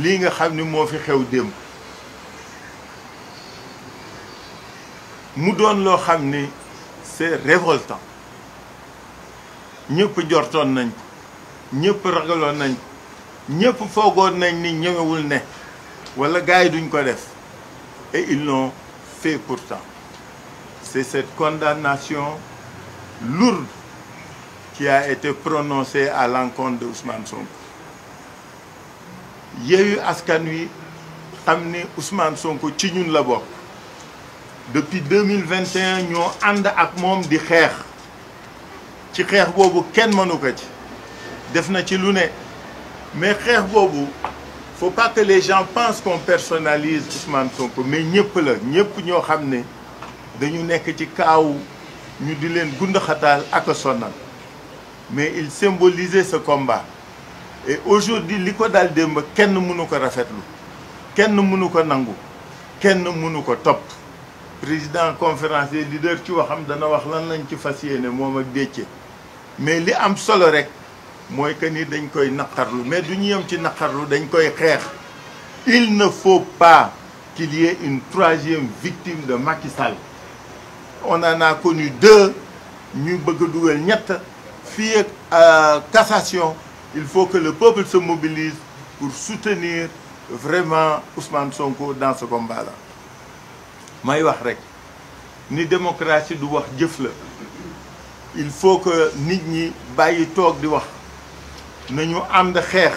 lii nga xam ni moo fi xew démb mu doon loo xam ni c'est révoltant ñëpp jortoon nañ ñëpp ragaloon nañ ñëpp foogoon nañ ni ñëwewul ne wala gars yi duñ ko def et ils l'ont fait pourtant c'est cette condamnation lourde qui a été prononcée à l'encontre de Ousmane Sonko yeeyu askan wi xam ne Ousmane Sonko ci ñun la bokk depuis 2021 ñoo ànd ak moom di xeex ci xeex boobu kenn mënu ko ci def na ci lu ne mais xeex boobu faut pas que les gens pensent qu'on personnalise Ousmane Sonko mais ñëpp la ñëpp ñoo xam ne dañu nekk ci kaaw ñu di leen gund xataal ak a sonnal mais il symbolisait sa combat et aujourd'hui li ko daal démb kenn mënu ko rafetlu kenn mënu ko nangu kenn mënu ko topp président conférence des leaders ci waxam dana wax lan lañ ci fas yéene moom ak décce mais li am solo rek mooy que ni dañ koy naqarlu mais du ñu yem ci naqarlu dañ koy xeex il ne faut pas qu'il y une troisième victime de Macky Sall on en a connu deux ñu bëgg a dugal ñett fii ak euh, cassation il faut que le peuple se mobilise pour soutenir vraiment Ousmane Sonko dans ce combat-là may wax rek ni démocratie du wax jëf la il faut que nit ñi bàyyi toog di wax nañu ànd xeex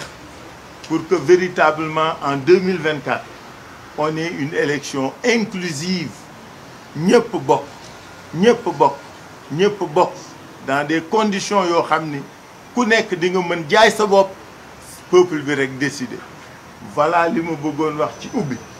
pour que véritablement en 2024 on ait une élection inclusive ñëpp bokk ñëpp bokk ñëpp bokk dans des conditions yoo xam ni ku nekk di nga mën jaay sa bopp peuple bi rek décider voilà li ma bëggoon wax ci ubbi